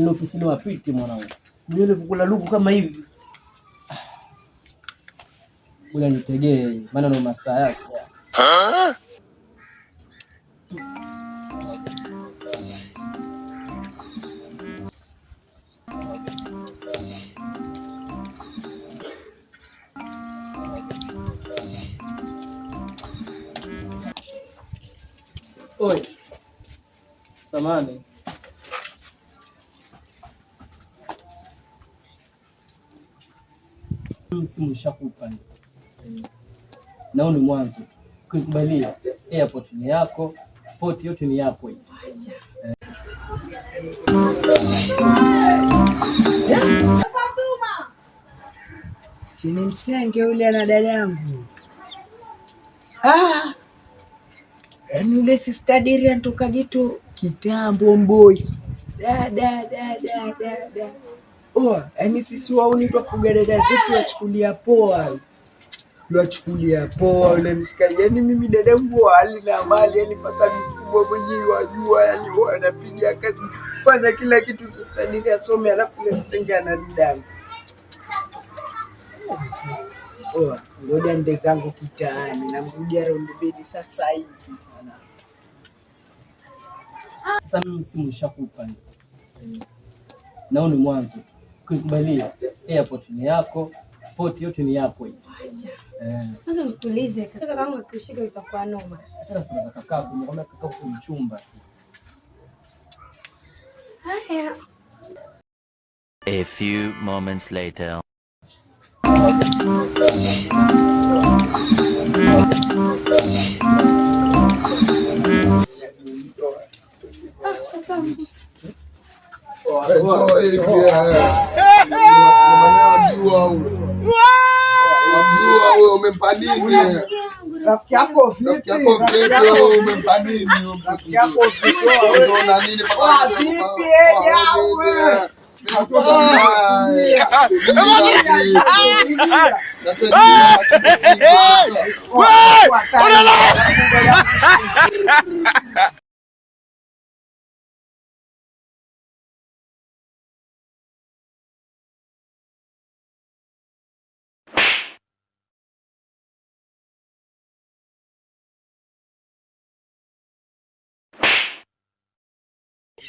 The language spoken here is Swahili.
na yaani ile wapiti ile mwanangu. fukula luku kama hivi. Uya ah. nitegee maana ndo masaa yake. Oi. Samani. Simu shakupa na ni mwanzo kuikubalia. Airport ni yako, port yote ni yako hii. Sini msenge ule ana dada yangu ah, yaani ule sista deri anatoka jitu kitambo mboi. Da, da, da, da oa oh, Yaani sisi wauni twakugerera zetu wachukulia poa wachukulia poa ule mshikaji. Yani mimi dadangu hali na mali, yani mpaka mkubwa mwenyewe wajua, yani wanapiga kazi fanya kila kitu sistanili asome, alafu ule msenge anadidana. Oh, ngoja nde zangu kitaani, namrudia raundi mbili sasa hivi. Sasa mimi simu nishakupa, nao ni mwanzo tu kukubalia. Airport ni yako, port yote ni yako hii. Acha nikuulize kaka kama ukishika itakuwa noma. Acha nasema kaka, kumwambia kaka mchumba Haya. A few moments later. Ah, Enjoy, yeah huyo umempa nini? Rafiki yako vipi? Umempa nini? Rafiki yako vipi? Unaona nini? Vipi?